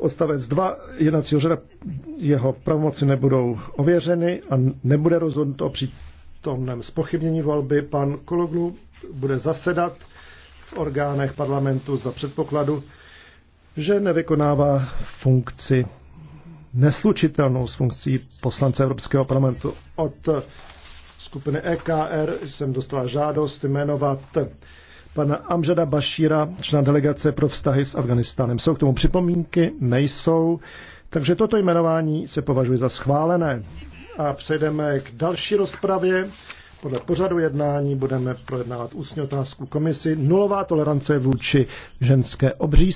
odstavec 2 jednacího řada jeho pravomoci nebudou ověřeny a nebude rozhodnuto o přítomném spochybnění volby. Pan Kologlu bude zasedat v orgánech parlamentu za předpokladu, že nevykonává funkci neslučitelnou s funkcí poslance Evropského parlamentu. Od skupiny EKR jsem dostala žádost jmenovat pana Amžada Bašíra, člena delegace pro vztahy s Afganistánem. Jsou k tomu připomínky? Nejsou. Takže toto jmenování se považuje za schválené. A přejdeme k další rozpravě. Podle pořadu jednání budeme projednávat ústní otázku komisi nulová tolerance vůči ženské obří.